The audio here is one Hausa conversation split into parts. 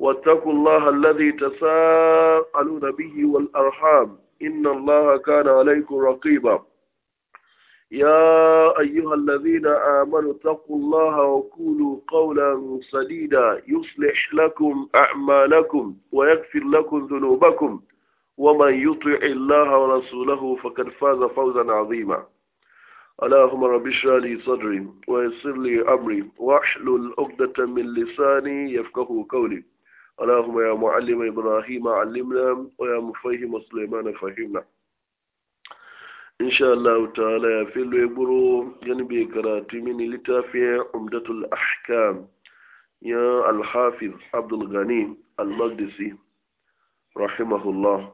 واتقوا الله الذي تساءلون به والأرحام إن الله كان عليكم رقيبا يا أيها الذين آمنوا اتقوا الله وقولوا قولا سديدا يصلح لكم أعمالكم ويغفر لكم ذنوبكم ومن يطع الله ورسوله فقد فاز فوزا عظيما اللهم رب اشرح لي صدري ويسر لي أمري واحلل عقدة من لساني يفقهوا قولي اللهم يا معلم إبراهيم علمنا ويا مفهم سليمان فهمنا إن شاء الله تعالى في الويبرو جنبي يعني كراتي من لتافي عمدة الأحكام يا الحافظ عبد الغني المقدسي رحمه الله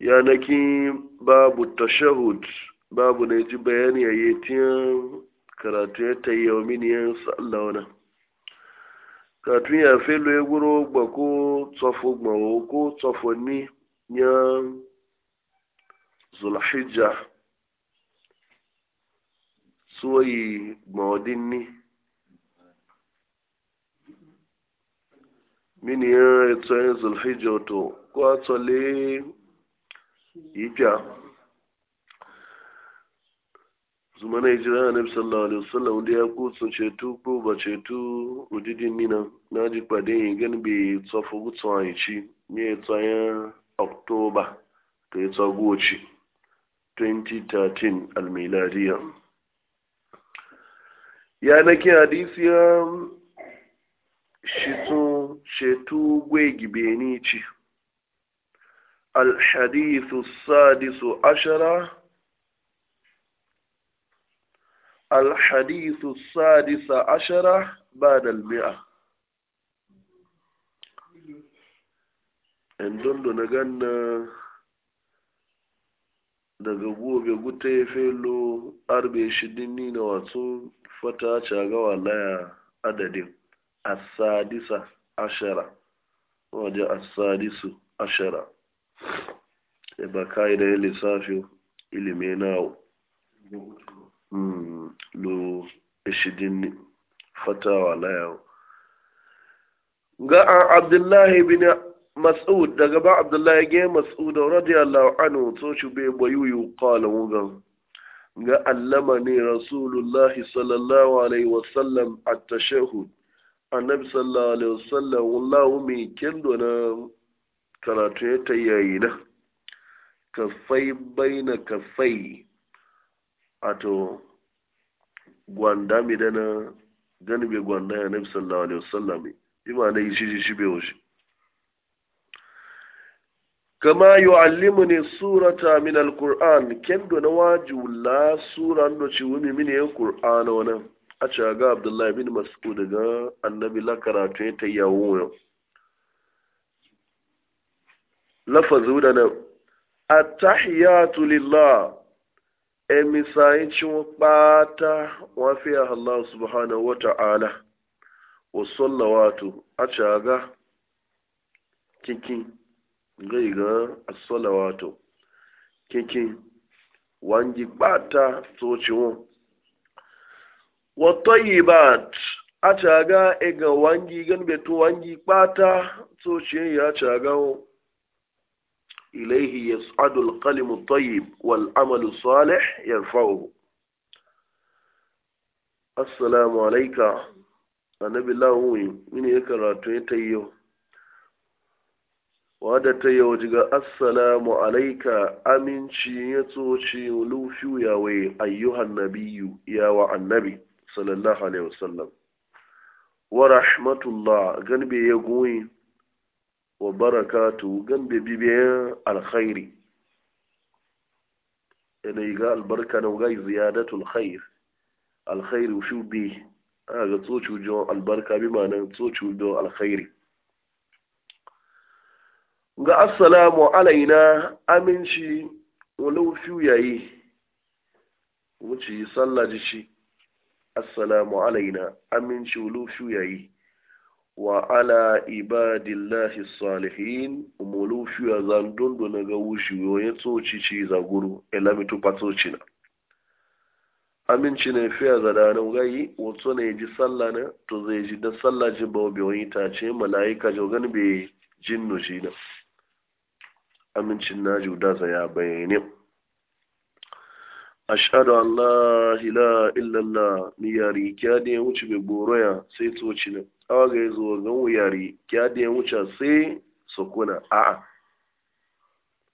يا نكي باب التشهد باب نجي بياني يا كراتي تيومين ينسى الله ونه. katun ya fe lo egwuro gba ko tsofo gbawo ko tsofo ni ya zulhijja suwayi gbawadin ni mini ya tsayin zulhijja to ko a tsale ipya zuma na ijira annabi sallallahu alaihi wasallam da ya ku sun cetu ko ba cetu udidin nina na ji kwade yin gan bi tsofu gutsu an ci ne tsayan oktoba to ya tsagoci 2013 almiladiya ya nake hadisi ya shitun cetu gwe gibeni ci الحديث sadisu ashara الحديث السادس عشر بعد المئة in dondo na ganna daga gobe guta ya felo arbe shidinni na wasu fata cagawa laya adadin asadisa ashara waje asadisu ashara ya ba kai da ya lissafi ilimin nawo Hmm, lo ishidinni fatawa layawo ga an ah, abdullahi bin mas'ud daga ba abdullahi ga mas'ud radiyallahu anhu to shi be bayuyu qala wugan ga allama ne rasulullahi sallallahu alaihi wasallam at-tashahhud annabi sallallahu alaihi wasallam wallahu mi kendo na karatu ya tayayi kafai baina kafai ato gwanda mi dana gani bai gwanda ya nabi sallallahu alaihi wasallam ima na yi shi shi bai wuce kama yu'allimuni surata min alquran kendo na waju la sura ndo ci wumi min yan qur'ana wana a ci ga abdullahi bin mas'ud daga annabi la karatu ta yawo lafazu da na attahiyatu lillah emisayincin ɓata wafiya Allah subhanahu wa ta'ala wa sallawatu a caga kinkin gaiga a sallawatu kinkin wangi kpata tsociwon wato yi ba a caga iga wangi gan beto wangi ɓata tsociyin ya caga ilaihi يصعد القلم الطيب والعمل الصالح يرفعه السلام عليك النبي assalamu من annabi lawun mini ya karatu ya ta yau jiga assalamu alaika aminci ya tsoci lufiyu ya wai ayyuhan nabiyu ya wa annabi sallallahu alaihi wasallam wa rahmatullah ganbe ya goyi wa barakatu gambe bibiyan alkhairi ina ga albarka na ga ziyadatul khair alkhairi shu bi a ga tsoci jo albarka bi ma'anar tsoci don alkhairi ga assalamu alaina aminci walau fiu yayi wuce sallaji shi assalamu alaina aminci walau fiu yayi wa ala ibadillahi salihin umulufi a zan da na ga wushi yoyin tsoci ci za guru elami tupa ci na aminci ne fiye za da nan gayi wato ne ji sallah na to zai ji da salla ji ba obi wani ta ce mala'ika jau gani bai jin nushi na ji da za ya bayyane ashadu allah ila illallah ni ya rikya ne wuce mai boroya sai ci na awa ga yi zuwa gan wuyari ki adiyan wuce sai sokuna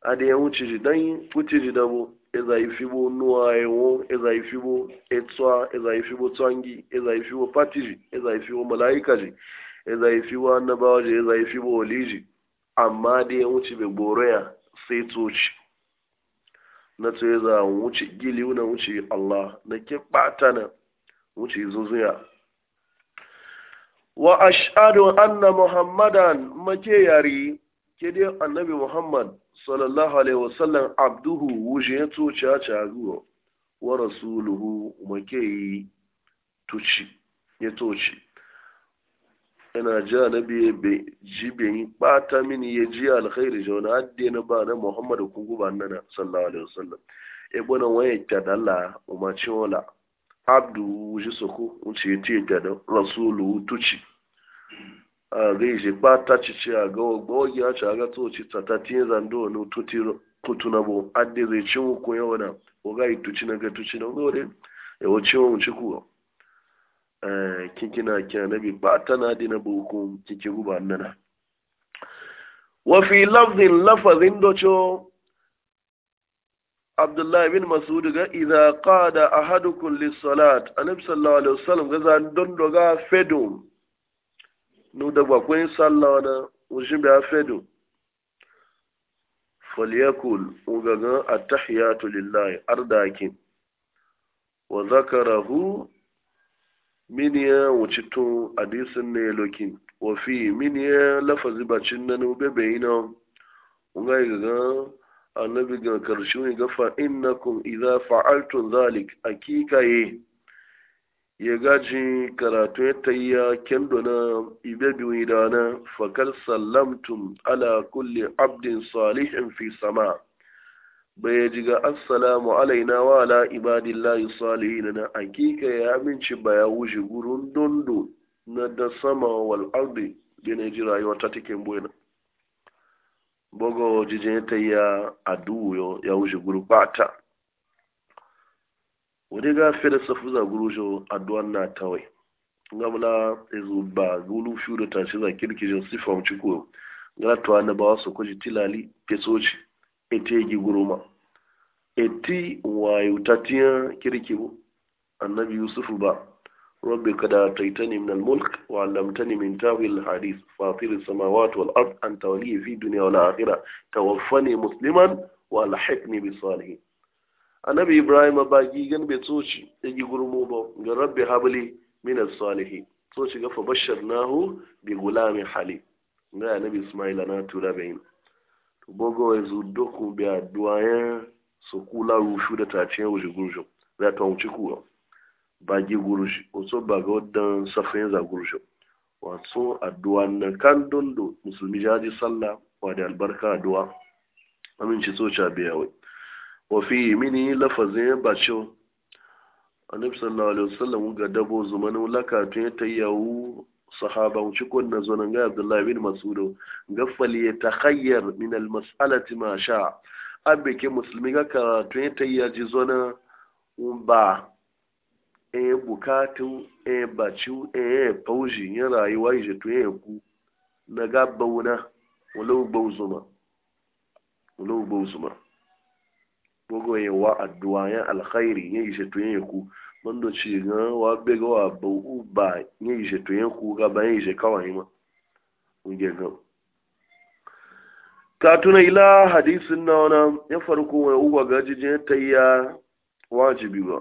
da ya wuce ji dan wuce ji dabo eza ifibo nuwa ya yi ewo eza ifibo etwa eza ifibo twangi eza za patiji eza ifibo malaika ji eza ifibo annabawa ji eza wali ji amma ya wuce bai gboro ya sai toci na tsaye za wuce gili na wuce Allah na ke ɓata na wuce zuzuya wa ash'adu anna muhammadan mace yari ke dai annabi muhammad sallallahu alaihi wasallam abduhu wuje to cha a zuwa wa rasuluhu mace yi tuci ya toci ina ji annabi ya ji bin bata mini ya ji alkhairi jauna hadde na ba na muhammadu kungu ba nana sallallahu alaihi wasallam e bona waye ta dalla umma wala abdu wuji soko wuce te gada rasulu tuci a gaishe bata cici a gawa gbawogi a ci a ga tsoci tatatin zando na tutuna bo adde zai cin hukun yawa na oga yi tuci na ga tuci na gore ya wace wa wuce kuwa kinkina na nabi bata na dina bo hukun kinki guba nana wafi lafzin lafazin doco abdullahi bin masudu ga idza qada ahadukum lis-salat annabi sallallahu alaihi wasallam ga zan don doga fedo nu da ba kun sallah na ushin ba fedo falyakul ugaga at-tahiyatu lillahi ardaki wa zakarahu min ya wucitu hadisin ne lokin wa fi min ya lafazi bacin nan ubebe ina unga ga annabi ga ne ga fa innakum idza fa'altum zalik akika ye ya gaji karatu ya tayya kendo na ibe biyu da na fakar sallamtum ala kulli abdin salihin fi sama bai ji ga assalamu alaina wa ala ibadillahi salihin na akika ya aminci ba ya wuce gurin dundu na da sama wal ardi da ne ji rayuwa ta cikin bogo jijin ta ya aduwo ya wuce guru bata wani gafe da za guru shi aduwan na tawai gamla izu ba gulu fiye da tashi za kirkijin sifon ciko tuwa na ba wasu kwaji tilali fesoci ete yi guruma eti wayo tatiyan kirkibu annabi yusufu ba rabbi kada taitani min al-mulk wa 'allamtani min ta'wil hadith fatir as-samawati wal ard an tawli fi dunya wal akhirah tawaffani musliman wa alhiqni bi salihin annabi ibrahim ba gi gan be tsoci da gi ba ga rabbi habli min as-salihin tsoci ga fa basharnahu bi gulam halim ga annabi isma'il na tura bayin to bogo wa zuddu ku bi addu'a su kula rushu da tace wuri gurjo za ta wuci kuwa baji gurushi wato ba ga wadan safin za gurushi wato addu'a na kan dondo musulmi ji sallah wa da albarka addu'a ci so cha biya wai wa fi mini lafazin bacho annabi sallallahu alaihi wasallam ga dabo zumanu laka tun tayyawu sahaba ci kunna zonan ga abdullah bin mas'ud gaffali ya takhayyar min mas'alati ma sha abbe ke musulmi ga ka tun tayyaji zona ba e bukatun e bacu e fauji yin rayuwa yi to e ku na gaba bauna walau bauzuma walau bauzuma gogo yin wa ya yin alkhairi yin yi to e ku man ci ga wa be ga wa bau ba yin yi to e ku ga ba yin kawai ma unge ga ka ila hadisin na wana ya farko wani uwa gajijin tayya wajibi ba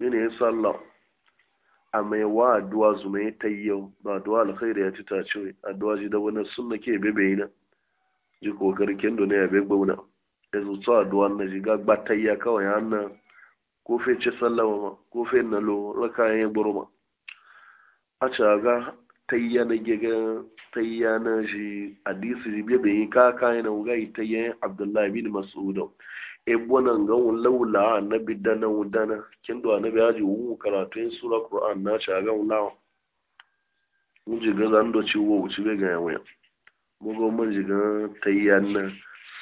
mini ya sallah a mai wa addu'a zuma ya tayyau ba addu'a alkhairi ya ci ta ce addu'a ji da wani sunna ke bebe yi na ji kokarin da ne ya bebe wuna ya zuwa addu'a na ji ga batayya kawai hannu ko fe ce sallama ma ko fe na lo raka ya ma a ce ga tayya na gega tayya na ji hadisi ji bebe yi ka kayan na wuga yi tayya abdullahi bin mas'udu ebonan ga wun laula annabi dana wudana kin do annabi haji wu karatun sura qur'an na cha ga wun lawa mun ji ga zan do ci wo ci be ga yawa mun go mun ji ga tayyan na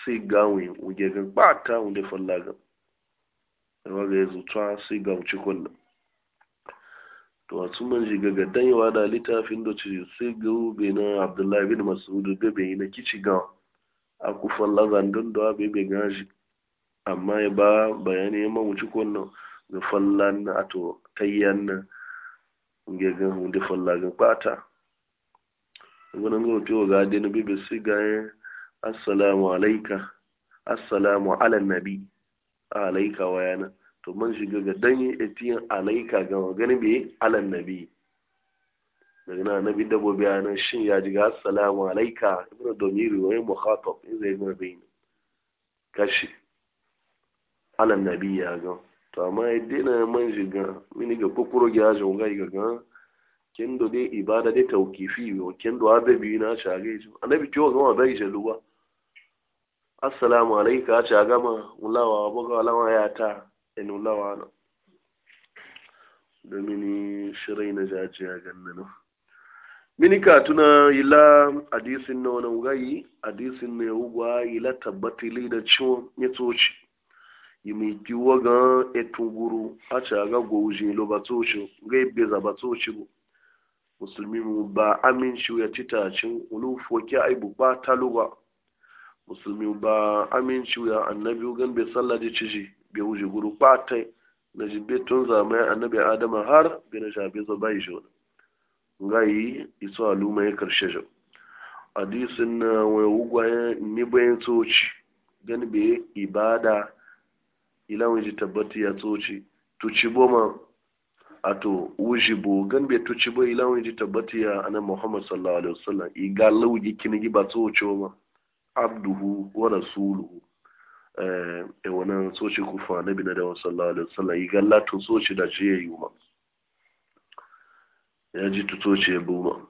si ga wi u ge ga bata wun de falla ga wa ga zu twa si ga ci kullu to a sun man shiga ga danyewa da littafin da ce sai ga ube na abdullahi bin masudu ga bai na kici ga a kufan lazan don da bai bai gashi amma ya ba bayani ya mawuci kunnan ga fallan na ato tayyan na gegen hundi falla ga bata wannan ga to ga din bibi siga assalamu alayka assalamu ala nabi alayka wayana to man shiga ga danye etiyan alayka ga magana bi ala nabi daga na nabi dabo nan shin ya ji ga assalamu alayka ibnu domiri wa mukhatab in zai gina bayin kashi ala nabi ya ga to amma yadda na man shiga mini ga kokoro ya shi ga ga ga kin do dai ibada dai tawkifi yo kin do abe bi na shage shi annabi ciwo ga ma bai shalu ba assalamu alayka a shaga ma ulawa buga lawa ya ta in ulawa na domin shirai na jajiya ganna mini ka tuna ila hadisin na wani gayi hadisin na ya ugwa ila tabbatili da ciwon ya toci yimiti waga etunguru acha ga gouje lo batocho ga ibeza bu musulmi mu ba amin shi ya tita cin ulu foki ai ba taluba musulmi ba amin shi ya annabi gan be sallah da ciji be wuje guru pate na jibbe tun zamai annabi adama har be na shafe zo bai shi wani ngayi iso aluma ya karshe shi hadisin wa wani ni bayan tsoci gani be ibada Ila ji tabbati ya tsoci tuci boma a to wuji bo gan bai tuci bo ila ji tabbati ya anan muhammad sallallahu alaihi wasallam iga lauji kinigi ba tsoci ma abduhu wa rasuluhu eh, e wannan tsoci ku fa bi na da sallallahu alaihi wasallam iga latun tsoci da ce yi ma ya ji tutoci ya boma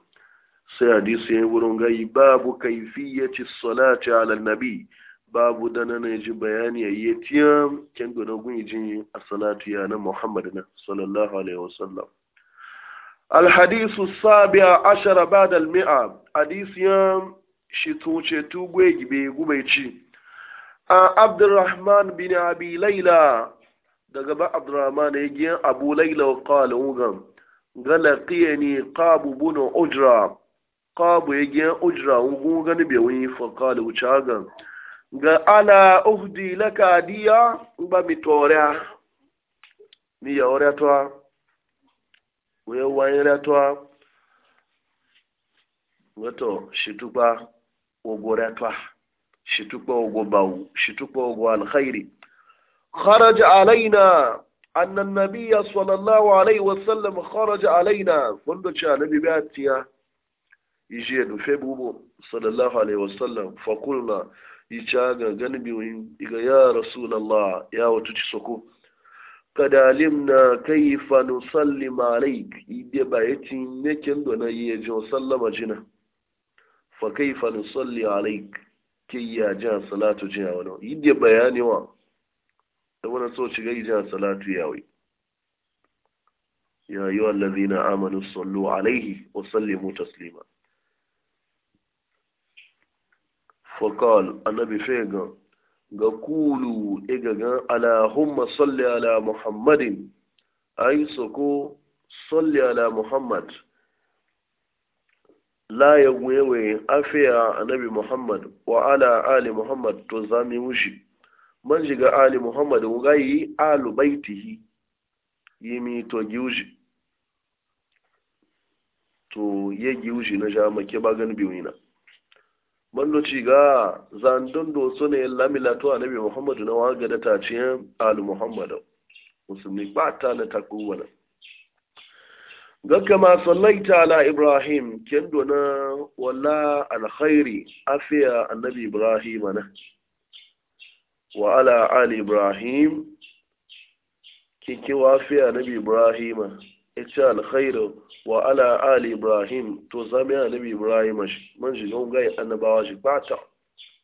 sai hadisi ya wurin gayi babu kaifiyati salati ala nabi babu da na ji bayani a yi tiyan kyan gona gun jin a salatu ya na muhammad na sallallahu alaihi wasallam alhadisu sabi'a ashara ba da mi'a ya shi tuce tugwe gibe ci a abdurrahman bin abi laila daga ba abdurrahman ya giyan abu laila wa kala wugan galakiya ne kabu bunan ujra kabu ya giyan ujra wugan gani bai fa fakala wuce nga ala uhdi laka adiya mba mitorea miya orea toa uye uwayerea toa weto shitupa ugorea toa shitupa ugobau shitupa ugo alkhairi kharaj alaina anna nabiya sallallahu alayhi wa sallam kharaj alayna fundo cha nabi batia ijiye nufebubu sallallahu alayhi wa sallam fakulna ica ga wa iga ya rasulallah ya wata ci soko na kai fanu sallima alaik ibe bayatin yakin do na yi jin sallama jina fa kai fanu salli alaik ke ya jin salatu jina wani ibe bayani wa da wani so ci gai jin salatu ya yawai ya yi wallazina amanu sallu alaihi wa sallimu taslima fakal annabi fega ga kulu igagan alahumma salli ala muhammadin ayi soko salli ala muhammad la ya gwewe afiya annabi muhammad wa ala ali muhammad to zami mushi man shiga ali muhammad wugayi alu baitihi yi mi to giushi to ye giushi na sha make bagan biyu na Mallo ci ga zandun do su ne lamilato annabi muhammadu na waga da taciyan alu muhammadu musulmi ba ta na takowa gaka ma sallaita ala ibrahim kendo na wala alkhairi afiya annabi ibrahim na wa ala ali ibrahim kike wafiya annabi ibrahim ci alkhairu wa ala ali ibrahim to zami annabi ibrahim shi man shi gon gai annabawa shi bata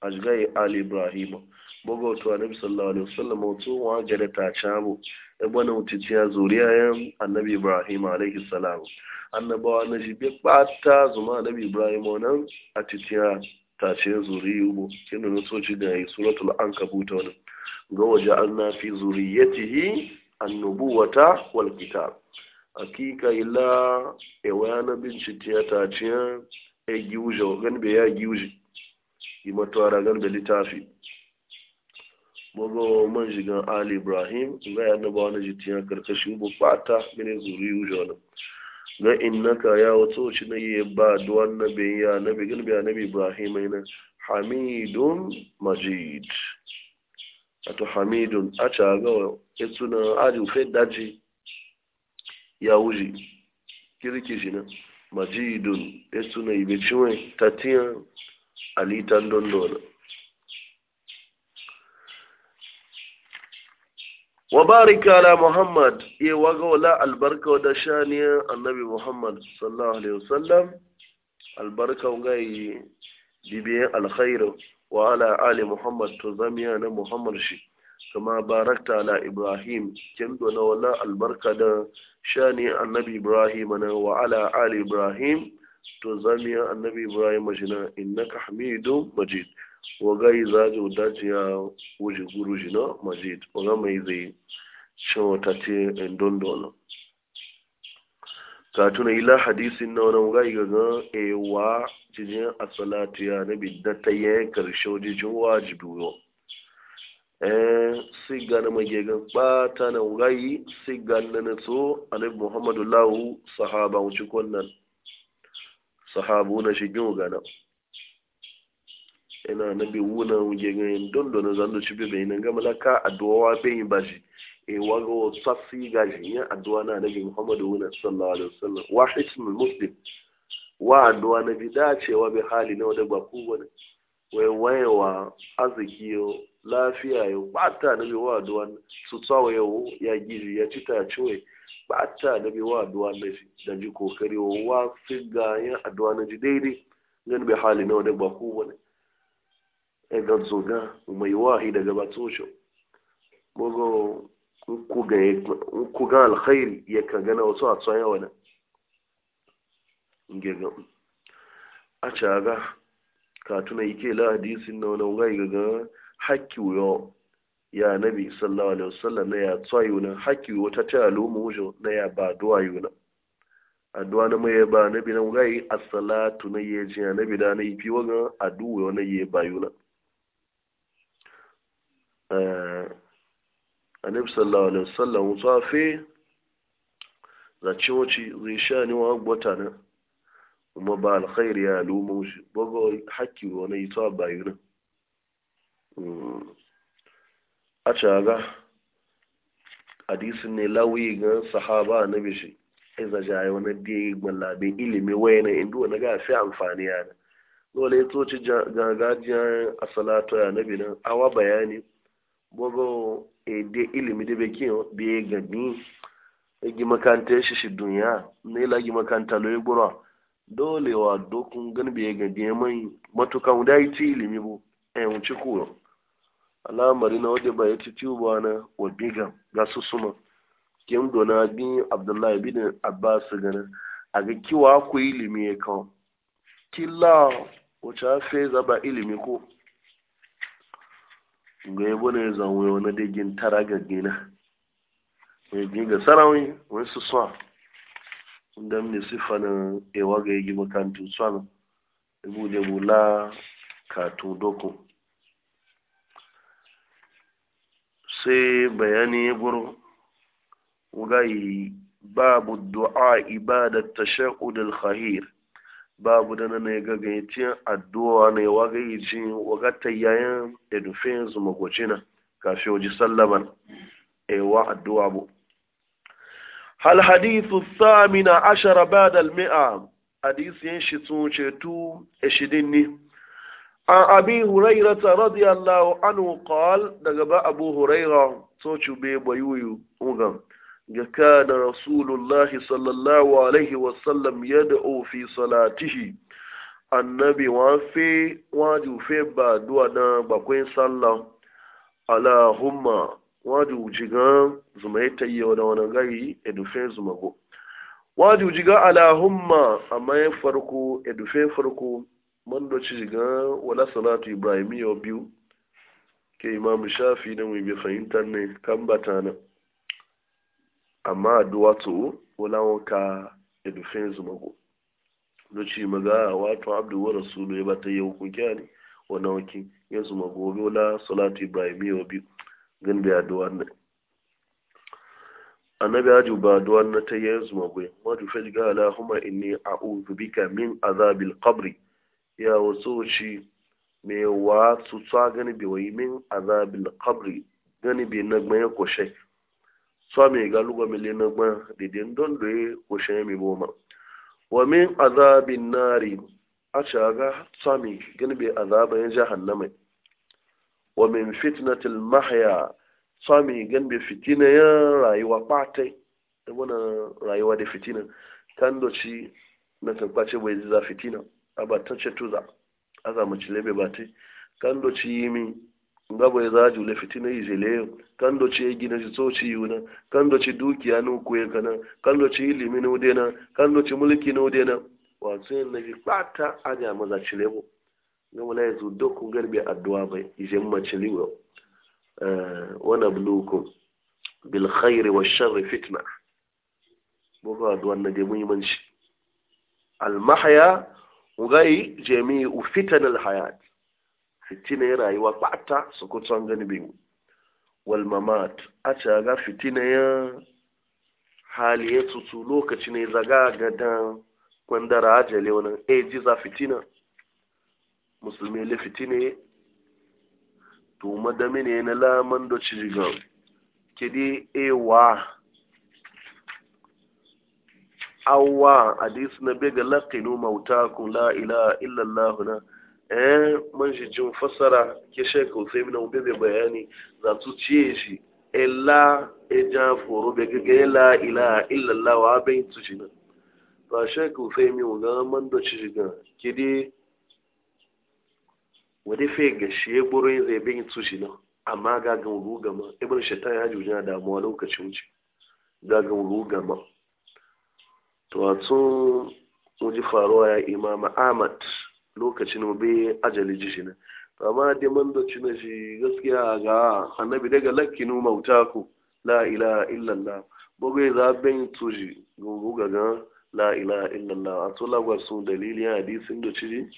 a shi gai ali ibrahim bugu to annabi sallallahu alaihi wasallam wato wa gare ta chabo e bona utiti ya zuriya yan annabi ibrahim alaihi salam annabawa na shi bi bata zuma annabi ibrahim wannan a titiya ta ce zuri ubo kinu no soci da suratul ankabut wannan ga waje an na fi zuriyatihi annubuwata wal kitab hakika ila ewa na bincike ya taciya ya giwuje wa bai ya giwuje yi matuwara gan da littafi mago man shigan ali ibrahim ga ya na wani na jitiya karkashin bukata mini zuri wuce wani ga innaka ya wato shi na yi ba duwan na biya na bai gan na bai ibrahim mai na hamidun majid ato hamidun a ca ga wa ya suna ajin fai daji ya wuce kirki na maji idun ya suna ibe ciwon tatiyan alitan dondona wa barika ala muhammad ya waga wala albarka da shaniya annabi muhammad sallallahu alaihi wasallam albarka wa gai dibiyan alkhairu wa ala ali muhammad to zamiya na muhammad shi kama barakta ala ibrahim kin dona wala albarka da shani annabi ibrahim na wa ali ibrahim to zamiya annabi ibrahim jina innaka hamidum majid wa gai zaji daji ya wuji guru jina majid wa mai zai cewa ta ce don dona ka tuna ila hadisin na wani gai gaga ewa jijin asalatiya na bidda ta yi karshe wajijin wajibi yau Eh, siga magegan ɓata na wurayi siga na so alif muhammadu lawu sahaba wuce kwanan sahabu na shigin gana ina na bi wuna magegan don don zan da shibe bai nan gama laka addu'a bai ba shi e waga wa tsasi ga shi ya addu'a na nabi muhammadu wuna sallallahu alaihi wasallam wahid muslim wa addu'a na bi dacewa bi hali na wadda ba kowane wai wayewa arziki lafiya yau ba ta na wa duwan su tsawa yau ya gizi ya ci ta ciwe ba ta na wa duwan na da ji kokari wa wa fi ga yin aduwa na ji daidai gan bai hali na wadda ba ku wani e ga zoga mai wahi daga ba tosho gogo ku ga alkhairi ya ka gana wasu a tsaye yawa na ngega a caga ka tuna yake la hadisin na wani ga haƙƙi wuyo ya nabi sallallahu alaihi wasallam na ya tsayu na haƙƙi yo ta ta lumu jo na ya ba duwa yo addu'a na mai ba nabi na gai as-salatu na ye ji nabi da na yi fi wannan addu'a yo na yi ba yo na eh annabi sallallahu alaihi wasallam tsafe za ci wuce zai sha ni wa gbota na kuma ba alkhairi ya lumu shi babu hakki wani ita bayuna Hmm. a caga hadisin ne lawi ga sahaba na bishi iza jaye wani biyayi mallabin ilimi waya na inda wani ga fi amfani ya na dole ya toci gagajiyar a na ya nabi nan awa bayani e ede ilimi da bekin biye gani igi e makanta shi shi duniya na ila igi makanta lo gbura dole wa dokun gani biye gani mai matukan wuda ti ilimi bu e wuce kuro al'amari na waje ba ya ci tuba na wabiga ga su suma kin dona bin abdullahi bin abbas gana a ga kiwa ku ilimi ya kawo killa wace fe zaba ilimi ko ga yabo ne zanwe wani dagin tara ga gina mai ga sarawin wani su suna inda mne sifa na ewa ga yi gimakantu suna ibu da bula katun dokun sai bayani ya guru wugayi babu du'a ibadat tashahhud al-khahir babu da nan ya gagayyaci addu'a ne wagayi waga wagata yayin edufin su magwacina kafin waje sallaman ewa eh, addu'a bu hal hadithu thamina ashara ba'da al-mi'a hadisi yin shi tun cetu ne an abi hurairata, ta radiyallahu anhu qal daga ba abu huraira so cube bayuyu ugam ga kana rasulullah sallallahu alaihi wasallam yad'u fi salatihi annabi wa fi waju fi ba duwa na bakwai sallah alahumma waju jiga zuma ya wa da wani gari edufe zuma go waju jiga alahumma amma ya farko edufe farko man do ci ga wala salatu ibrahimiyya biyu ke imam shafi ne mu bi fahimtar ne kan batana amma addu'a to wala wanka edufin do ci maga wato abdu wa rasulu ya bata yau ku kyani wannan wakin ya mako gobe wala salatu ibrahimiyya biyu gan da addu'a ne annabi aju ba addu'a na ta yanzu magoyi wato fa ga allahumma inni a'udhu bika min azabil qabri ya wasu ci mai wa tutsa gani bi wa yi min azabin kabri gani bi na gban ya koshe mai ga lugwa mai na gban didin don da ya koshe mai boma wa min azabin nari a ci ga mai gani bi azaba ya jahannama wa min fitnatil mahya mai gani bi fitina ya rayuwa patai da wani rayuwa da fitina kan doci na tankwace bai za fitina abatacce tuza aza mu cile be bate kan do ci yimi ngabo ya zaju le fitina yi kan do ci gina ci soci yuna kan do ci dukiya nu ko kana nan kan do ci ilimi na dena kan do ci mulki nu dena wa sai na bi kwata aja maza lebo bo ngamo la zu doku garbe addu'a bai ije ma cile eh, wo wa nabluukum bil khairi wa sharri fitna boko addu'a na je muhimmanci al mahya ngai jami'u fitanil hayat fitina rayuwa bata su kusan gani biyu wal mamat a fitina ya hali ya tutu lokaci ne zaga gadan kwandara ajale wani e eh, jiza za fitina musulmi le fitine to madami ne na laman da kidi ewa eh, awa hadis na bega laqinu mautakum la ilaha illa allah na eh man jin fasara ke shek Hussein na ubebe bayani za su ciye shi eja e foro bega ga la ilaha illa allah wa bai tu shi ba shek Hussein mu man da shi ga kidi wade fe ga shi gboro yin zai bin tu shi amma ga gan rugama ibn shaitan ya juja damuwa lokacin ci ga gan rugama tuwatsun ji faruwa ya imama ahmad lokacin bai ajali ji shine amma da man da cina shi gaskiya ga annabi daga lakkinu ku la ilaha illallah bugu za ben tuji gugu gaga la ilaha illallah a tola gwa sun dalili ya hadisin da ciji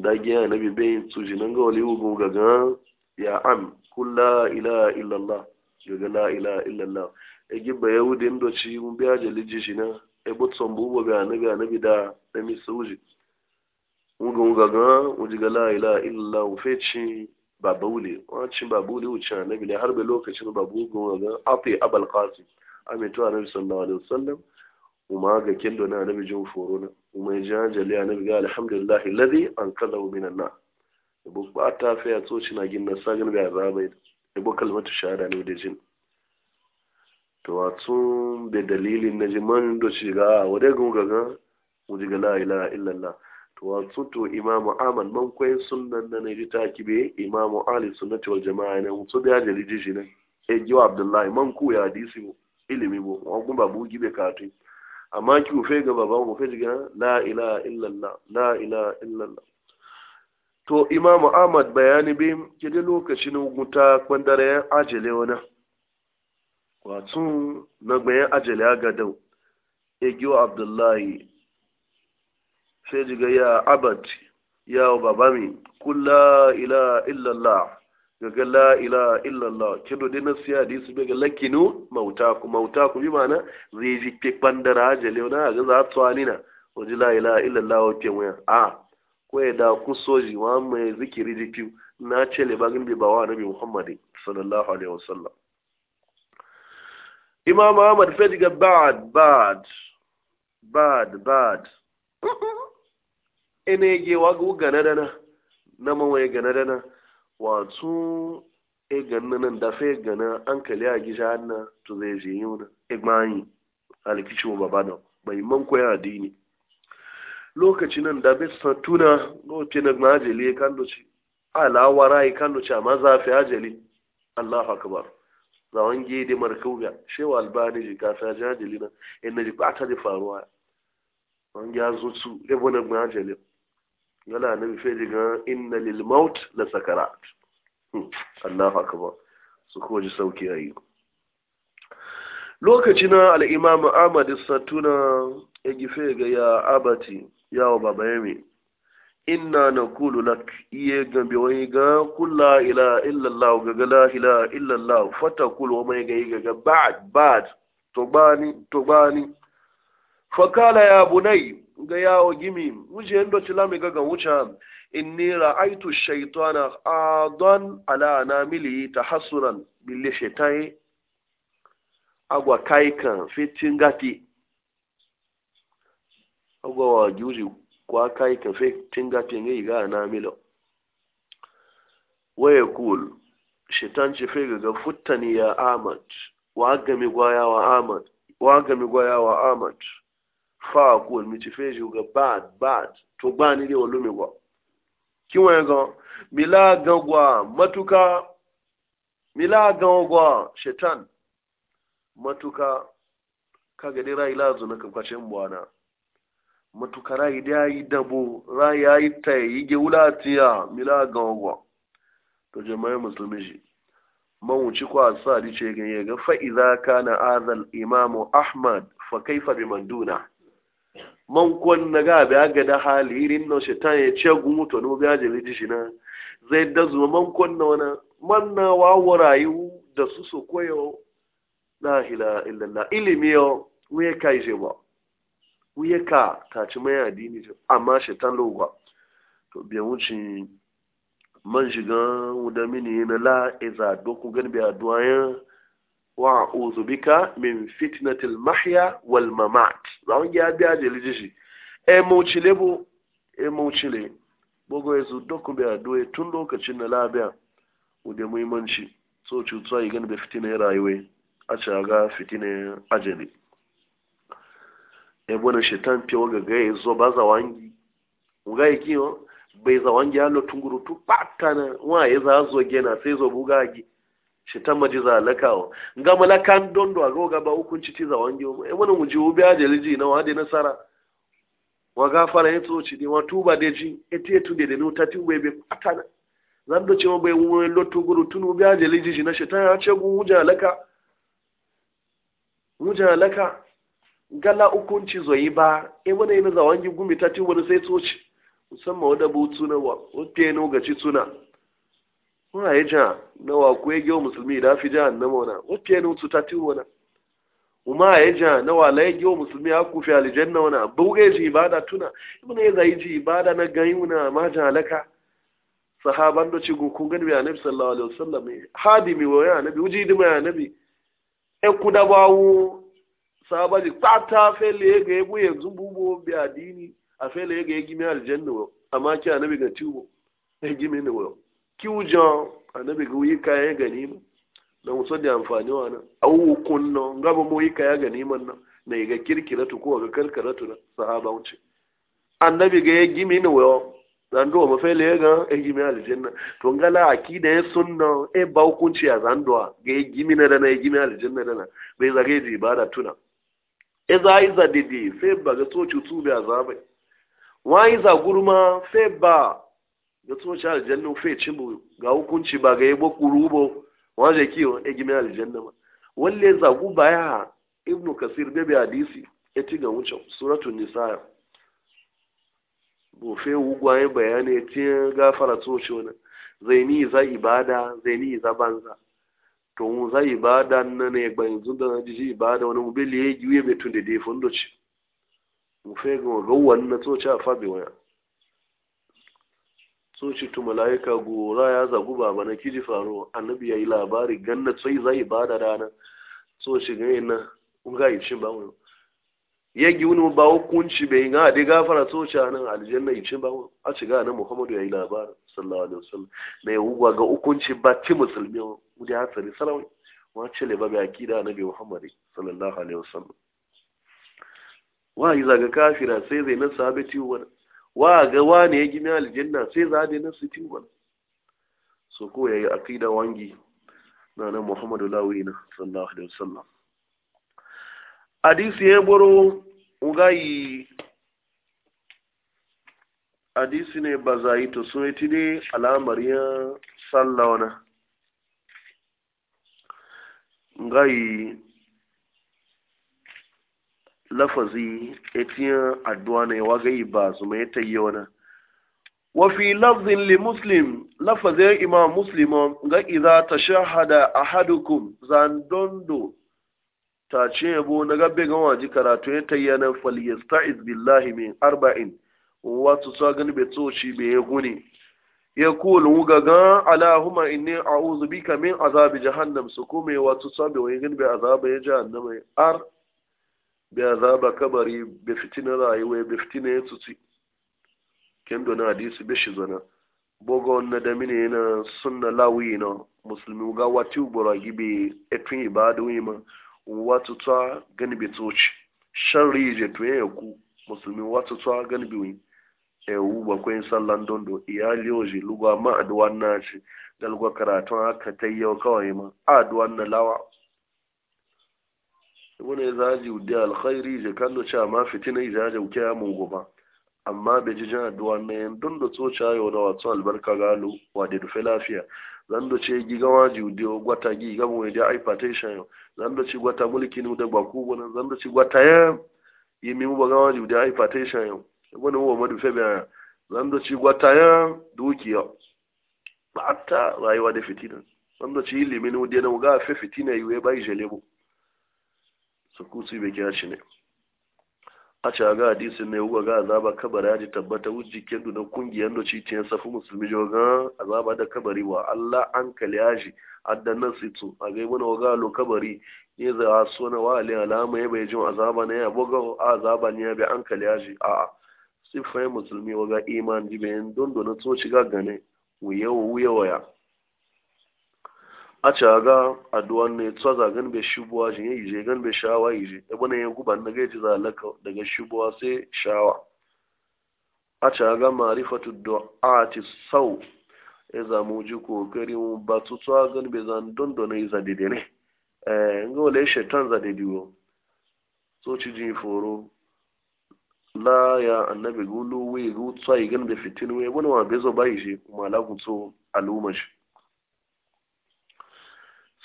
dage annabi ben tuji nan ga wali gugu gaga ya am kul la ilaha illallah gaga la ilaha illallah e gibba yahudin da ci mun biya jaliji shi na é bot som bubo ga na ga na bida na mi suji unga unga ga un diga la ila illa u fechi babuli wa chi babuli u cha na bila har be lokacin babu unga ga ate abal qasim ame to anabi sallallahu alaihi wasallam ma ga kendo na anabi jin forona uma ja jali anabi ga alhamdulillah alladhi anqadahu min na. nar bu ba ta fa ya so na gin na sagin ga zabai ibo kalmatu shahada ne da jin to tun da dalilin na ji man da shiga wadai gungaga mujiga la la'ila illallah to tun to imamu amal man kwai sunan na na ta kibe imamu ali sunnati wal jama'a ne mutu da jali shi ne e giwa abdullahi man ku ya hadisi mu ilimi mu a kun babu gibe katu amma ki ku ga baba mu fe jiga la illallah la illallah to imamu ahmad bayani bi ke lokacin guta kwandare ajele wani kwatsun na gbayan ajali a egiyo abdullahi sai jiga ya abad ya baba mi kula ila illallah gaga la ila illallah kino dai na siya da su daga lakinu mauta ku mauta ku bi mana zai ji ke bandara ajali na ga za su alina waje la ila illallah wa ke waya a ko ya da ku soji wa mai zikiri jikin na ce le bagin bi bawa nabi muhammad sallallahu alaihi wasallam imam ahmad fe diga bad bad bad bad ene ge wagu gana dana na mawaye gana dana wato e ganna nan da fe gana an kali a gija na to zai je yi wani igmani alkici wa babana bai man koya addini Lokaci nan da bai san tuna lokacin nan na ajali kan doci alawara kan doci amma zafi ajali Allahu akbar wange da markauga shewa albani ji gasa jajili na inda ji bata da faruwa wange ya zo su ibn majali gala nabi fe ji ga inna lil maut la sakarat hmm, Allahu akbar su ko ji sauki ayi lokaci na al-imam Ahmad satuna ya gife ga ya abati yawo babayami inna na kulu lak iye gambe wani ga kula ila illallah gaga la ila illallah fata kulu wa mai ga ba'ad ba'd to ba ni fakala ya bunai ga yawo gimi wuce yadda tilami ga gaga wuce inni ra'aitu shaitana adon ala ta hasunan bille shaitai agwa kaikan fitin gati agwa wa juji kwa kai kafe tinga tinga iga na milo waya kul shaitan ce fe ga futtani ya ahmad wa gami gwaya wa ahmad wa gami gwaya wa ahmad fa kul mi ce fe ga bad bad to ba ni de walumi gwa kiwa ga mila ga gwa matuka mila ga gwa shaitan matuka kaga dai rai lazu na kakwacin buwana matukara ide yi dabo ya yi ta yi ge wulati ya mila ga ogwa to jama'a musulmi shi man wuci ko di ce ganye ga fa idza kana azal imamu ahmad fa kaifa bi manduna man kon na ga ba ga da halirin no shaitan ya ce gumu to no jeli shi na zai da zuwa man kon na wana man na wa rayu da su su koyo la ilaha illallah ilimi yo we kai je ba wuye ka ta ci mai addini amma shaitan lowa to biya wuce man shiga wuda mini na la iza doku gan biya duwayen wa a'udhu bika min fitnatil mahya wal mamat zawon ya biya lije shi e maucile bu e maucile bogo yanzu doku biya duwaye tun lokacin na labiya wuda muhimmanci so cutuwa yi gan biya fitina ya rayuwa a ga fitina ajali ebona shetan pia waga gaye zo za wangi yake kiyo bai za wangi lo tunguru tu na wa ya za zo gena sai zo gi shetan maji za lakawo nga malakan dondo ga ga ba hukunci ti za wangi ebona mu ji ubi ajaliji na wade nasara ga fara yin ci ne wa? tuba da ji ete etu da ne ta tin bai pata na zan do cewa bai tunguru lotu guru tunu bi ajaliji na shetan ya ce gun wuja laka wuja laka gala hukunci zoyi ba e wani yana na wangi gumi ta ci wani sai tsoci musamman wani abu tuna wa wata yana ci tuna muna yi ja na wa kuwa gyo musulmi da fi ja na mauna wata yana wutu ta ci wani kuma yi ja na wa laye gyo musulmi a kufi alijan na wana buge ji ibada tuna ibina ya zai ji ibada na gani wuna ma ja halaka sahaban da ci gunkun gani bai anabi sallallahu alaihi wasallam hadimi wa ya anabi wuji dima ya anabi e kudabawu sabaji ta fele ya ga yabo yanzu bubo bi adini a fele ya ga ya gimi aljanna wa amma ki anabi ga tubo egi gimi ne wa ki wujan anabi ga yi kaya ni mu na musu da amfani wa nan awu kunno ngaba mu yi kaya ni man nan na ga kirkira tu ko ga karkara tu sahaba wuce annabi ga egi gimi ne wa do ma fele ya ga mi gimi aljanna to ngala akida ya sunna e ba hukunci ya zandwa ga egi gimi na da na ya gimi aljanna da na bai zage ji ibada tuna eza iza didi, dede ba ga tsoci tu bai wa iza gurma sai ba ga tsoci aljanna fe cin bu ga hukunci ba ga yabo kurubo wa je kiyo e gimi aljanna ma walle za gu baya ibnu kasir bi hadisi e ti ga wuce suratul nisa bo fe wugwaye bayani ti gafara tsoci wannan zaini za ibada zaini za banza to mu za ibada na ne ba yanzu da na ji ibada wani mu bele yi yuye mai tun da dai fundo ci mu fe ga ga wannan to ci a fabe waya so ci tu malaika gora ya zagu baba na kiji faro annabi yayi labari ganna sai za ibada rana so ci ga ina kun ga shi ba mu gi wani ba hukunci bai ga da gafara so ci nan aljanna shi ba a ci ga nan muhammadu yayi labari sallallahu alaihi wasallam ne huwa ga hukunci ba ci musulmi wuri hatsari salawai ce le baga akida nabi muhammad sallallahu alaihi wasallam wa yi zaga kafira sai zai nan sahabe tiwon wa ga wani ya gina aljanna sai za da nan su tiwon so ko yayi akida wangi na nan muhammadu lawina sallallahu alaihi wasallam hadisi ya boro ugayi hadisi ne ba za yi to sun yi ya sallawa na. ngai lafazi etiyan addu'a ne wa gai ba su mai tayyona wa fi lafzin li muslim lafazin imam muslim ga idza tashahada ahadukum zandondo ta ce bo na gabe ga waji karatu ya tayyana yasta'iz billahi min arba'in su sa gani bai tsoci bai guni ya kula wuga gan alahuma inni a uzu uzubi kamin azabi jahannam su kome wata sabi wani gani bai azaba ya ji mai ar bai azaba kabari bai fiti na rayuwa ya bai fitina ya tutsi kin dona hadisi bai shi zana bogo wani da mini yana sunna lawi na musulmi ga wati ubura gibe etun ibadu yi ma wata ta gani bai toci shan rije tuyen ya ku musulmi wata ta gani bai ewu bakwai sallan dondo iyali oji lugwa ma aduwan na shi dalgwa karatun haka ta yau kawai ma aduwan na lawa wani ya zaji ji da alkhairi je kan da ma fitina ya zaji uke ya mun ba amma bai ji jan aduwan na yan dondo tsoci ayo na wato albarka galo wa da dufe lafiya zan da ce giga waji da gwata gi ga mun da aipatation yau zan da ci gwata mulkin da ba ku gona zan da ci gwata ya yi mi mu ba gawa waji da aipatation yau wani wa madufe bayan zan da ci gwata ya dukiya ba ta rayuwa da fitina zan da ci ilimin wude na wuga fe fitina yi wai yi jelebo su kusi bai kira shi ne a ce ga hadisin ne wuga ga azaba kabari ya ji tabbata wujji kendo na kungiyar da ci tiyan safi musulmi jogan azaba da kabari wa allah an kaliyaji adda nan situ a ga wani ga lo kabari ne za a so na wa alama ya bai jin azaba ne ya buga azaba ne ya bai an kaliyaji a'a sifaye musulmi waga iman bayan don so shiga gane wuya wuya waya. a ga addu'an ne tsaza gan bai shubuwa shi ya ije gan bai shawa ije ebe ne ya guba na gaji za laka daga shubuwa sai shawa a caga marifatu du'ati sau ya e zamu ji mu ba su tsa gan bai zan don yi za dede ne eh ngole shetan za dede wo so ci ji foro la ya annabi gulu wi gutsa igan da fitin wi bunwa bezo bai shi kuma la gutso aluma shi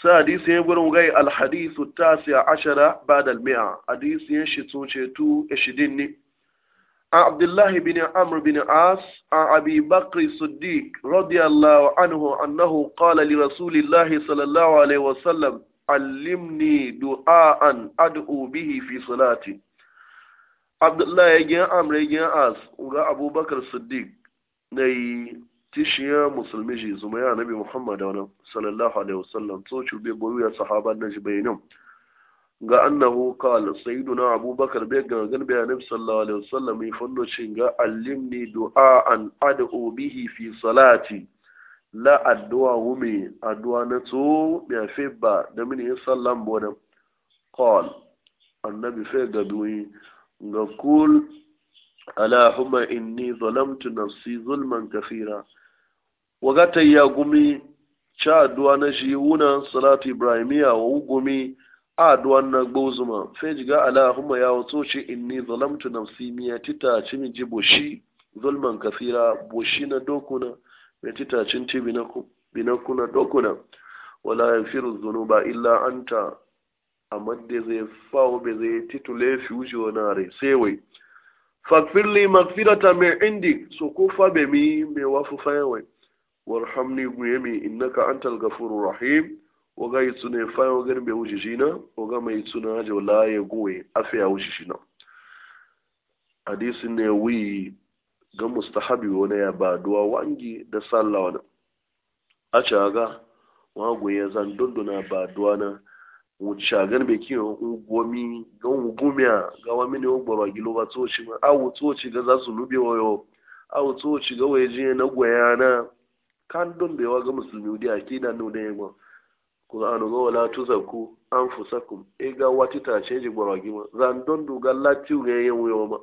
sa hadisi ya gurin gai alhadisu tasi a ashara ba da almiya hadisi ya shi tso ce tu a shidin ne a abdullahi bin amr bin as a abi bakri suddik radiyallahu anhu annahu qala li rasulillahi sallallahu alaihi sallam, allimni du'a an ad'u bihi fi salati abdullahi ya gina amre gina as ga abubakar siddiq na yi tishiyar musulmi shi zuma ya nabi muhammad da wani sallallahu alaihi wasallam ci bai boyu ya sahaba na shi nan ga annahu qala na abubakar bai ga gan bai nabi sallallahu alaihi wasallam yi fanno cin ga allimni an ad'u bihi fi salati la addu'a wumi addu'a na to ya febba da mini sallan bodan qala annabi fe ga duyi ga kul alahuma inni zalamtu nafsi zulman kafira wagata ya gumi cha aduwa na shi wuna salatu ibrahimiya wa gumi a aduwan na gbozuma feji ga alahuma ya wato ce inni zalamtu nafsi miya tita cin ji boshi zulman kafira boshi na dokuna mai titacin cin ti binakuna dokuna wala yafiru zunuba illa anta amma da zai fawo bai zai titule fi wuce wani rai sai wai Fafirli magfirata mai indi so ko fa bai mi mai wafi fayawai warhamni guyemi innaka antal gafurur rahim waga yi tsune fayo gani bai wuce shi na waga mai tsuna haji wala ya goye afi ya wuce shi na hadisin ne wi ga mustahabi wani ya ba duwa wangi da sallah wani a ga wa goye zan dunduna ba duwa na wucagar bai kiyo gomi ga gumiya ga wa mini o gboro gilo ba to ci ma awu to ci ga za su lube wayo awu to ga waye na goya na kan don wa ga musulmi di akida no da yamma qur'anu ga wala tuzaku anfusakum e ga wati ta ce je gboro gima zan don du ga lati ga yen wayo ma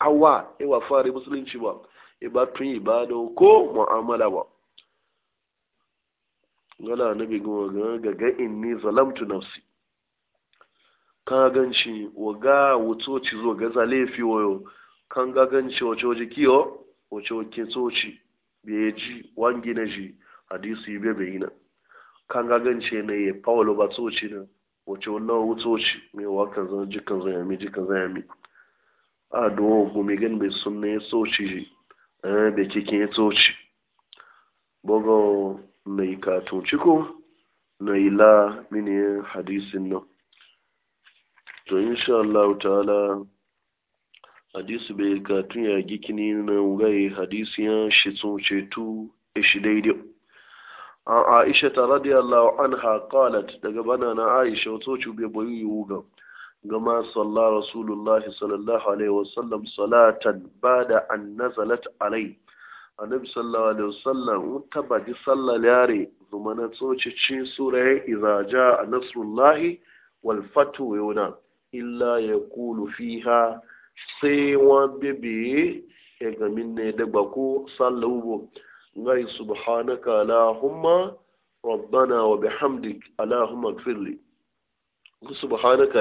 awa e wa fari musulunci ba e ba tun ibada ko mu'amala ba ngala nabi ga ga inni zalamtu nafsi ganci wa ga waga ci zo gaza laifi wayo kan gaganci wace waje kiyo wace ke tsoci bai ji wangi na ji hadisi bai bai na kan ganci na ya paulo ba tsoci na wace wannan wutoci mai wakan zan jikan zan yami jikan zan yami a don gumi gan bai sunna ya tsoci ji bai kikin ya tsoci bugu mai katon ciko na ila mini hadisin nan to insha Allah ta'ala hadisi bai katun ya gikini na wugai hadisi ya shi tun cetu ishi daidai an aisha ta radiyallahu an haƙalat daga bana na aisha wato ci bai yi yuga gama sallah rasulullahi sallallahu alaihi wasallam salatan bada an nazalat alai annabi sallallahu alaihi wasallam taba ji sallah yare zuma na tsoci cin sura izaja nasrullahi wal fatu yuna illa ya kulu fiha sai wọn bebe e ní ne da bako sallawo ngai subhanaka allahumma rabbana wa bihamdik allahumma gfirli subhanaka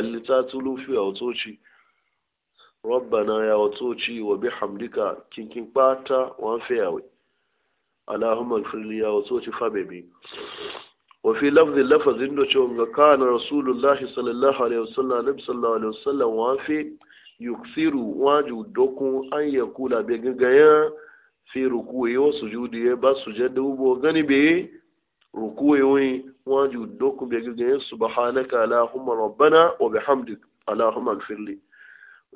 ló fi autoci rabbana ya autoci wa bihamdika kinkin bata wan fiyawe allahumma gfirli ya autoci fa bebe وفي لفظ لفظ إنه شو كان رسول الله صلى الله عليه وسلم نبي صلى الله عليه وسلم وافي يكثر واجو دوكو أن يقول بيغنغيا في ركوعه وسجوده بس سجده وغني به ركوعه واجو دوكو بيغنغيا سبحانك اللهم ربنا وبحمدك اللهم اغفر لي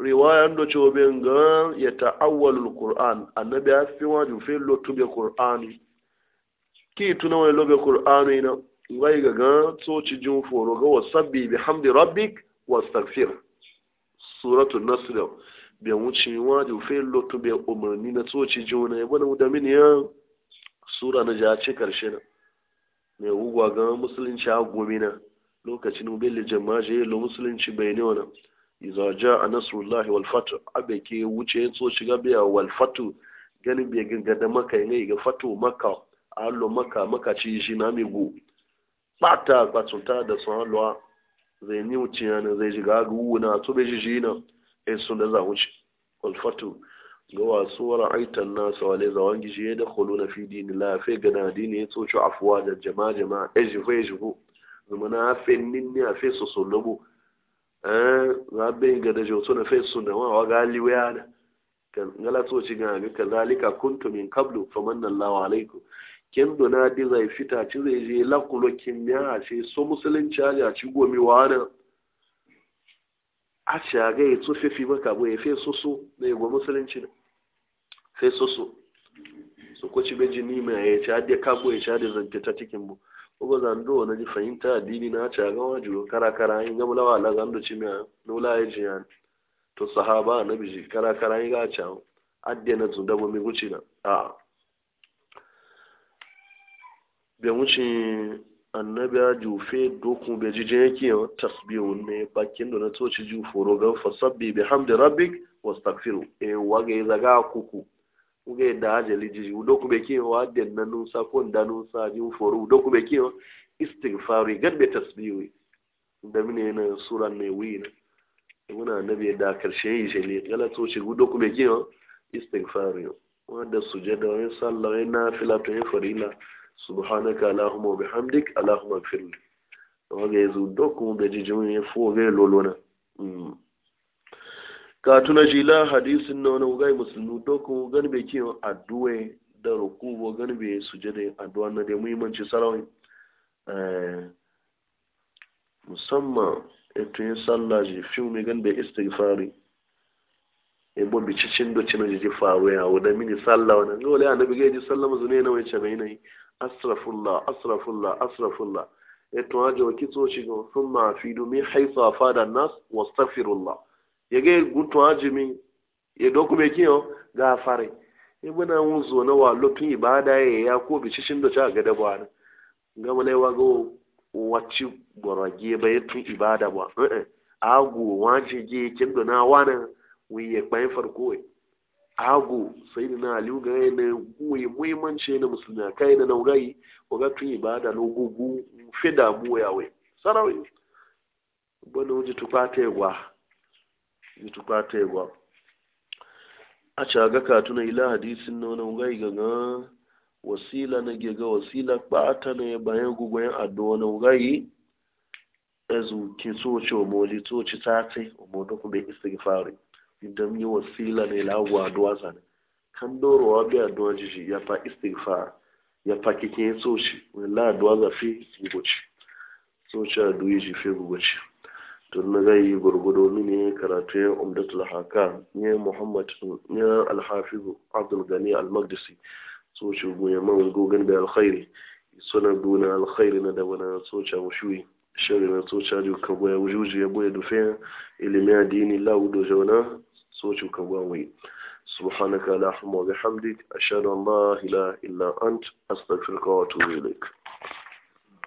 riwaya ndo cobin ga ya ta'awwalul qur'an annabi ya fi wajin fi lotu bi qur'ani ki tuna wani lobe qur'ani na ngai ga gan ci jun foro ga wasabi bi hamdi rabbik wastaghfir suratul nasr bi wuci mi wadi fe lotu bi umarni na ci jun na da mudamin ya sura na ja ce karshe na me wugwa ga musulunci a gobe na lokacin ubele jama'a je lo musulunci bai ne wannan iza jaa nasrullahi wal fath ke wuce ci ga biya wal fatu ganin ga da maka ne ga fatu maka allo maka maka ci shi na mi go bata cuta da sun halwa zai ni wuce yana zai ji gagu wuna su bai jiji na in eh, sun da za wuce kulfatu ga wasu wara aitan nasa wale zawon gishi ya da kolo na fi dini la gana dini ya tsoci afuwa da jama jama ya jifo ya jifo zama na fe ninni a fe soso lobo eh, za bai ga da jautu na fe sun da wawa gali waya da galatoci ga ga kazalika kuntu min kablu lawa allahu alaikum kendo na di zai fita ci zai je lakulo kimiyya ce so musulunci a ci gomi wa nan a ci a ga ya tsofe fi maka bu ya fe soso na yago musulunci na fe soso so ko ci be ji nima ya ci a ka bu ya ci a da zanta ta cikin mu ko zan do na ji fahimta addini na ci a ga wajibi kara kara in ga mulawa la zan do ci mi nula ya ji yan to sahaba na biji kara kara in ga ci a adde na zunda mu mi guci na a'a bai wuce annabi ya jufe dokun bai ji jin yake tasbihu ne bakin da na toci ju foro ga fasabbi bi hamdi rabbik wastaghfiru e eh, waga zaga kuku uge da ajali ji doku be kin wa den nanu sa ko ndanu sa ji foro doku be kiyo istighfari gadbe tasbihu da mine na sura ne wina muna annabi da karshe yi jeli gala toci gu doku be kiyo istighfari wanda sujada wani sallah na nafila to yin farila subhanaka allahumma bihamdik allahumma ighfirli waga yazo dokun da jijimin ya foge lolona mm. ka tuna jila hadisin na wani wugai musulmi doko gani bai kiyon addu'a da rukubo gani bai sujada addu'a na da muhimmanci sarawai eh, musamman ito yin sallah ji fi mai gan bai istighfari ebo bi cicin do cinu ji fawe a wuda mini sallah wani ga wale annabi ga ji sallah mazune na wai ce mai yi. asrafulla asrafulla asrafulla ya tuwa wa kitso shi ga sun ma fi domin a fada nas wa stafirullah ya ga gutu ajimi ya doku mai kiyo ga fare ya muna mun zo na wa lopin ibada ya ya ko bi da ta ga da ba ga mu laiwa ga wacce gorage ba ya tun ibada ba eh, eh. ago waje je kin da na wani wiye kwayin farko agu sai na aliyu ga na guwe muhimmanci na musulmi kai na naurayi waga tun ibada no gugu fi damu yawe sarawi bana wuji tupata egwa ji tupata egwa a caga katuna ila hadisin na wani gai gaga wasila na gega wasila bata na bayan gugoyen addo wani gai ezu kin soce omoli soce tate omodo kuma idan yi wasila ne lagwa duwatsa ne kan dorowa bi aduwa jiji ya fa istifa ya fa kike shi la aduwa ga fi gugoci tsoci aduwa ji fi gugoci tun na gai gurgudo ne karatu ya umdatul haka ne muhammad ne alhafizu abdul gani al-magdisi tsoci goyen man gogon da alkhairi suna duna alkhairi na da wani tsoci mushuyi شغل سوتش أديو كعبة وجوز يبوا يدفعن اللي ما دين الله ودوجونا سوتش كعبة وين سبحانك اللهم وبحمدك أشهد أن لا إله إلا أنت أستغفرك وأتوب إليك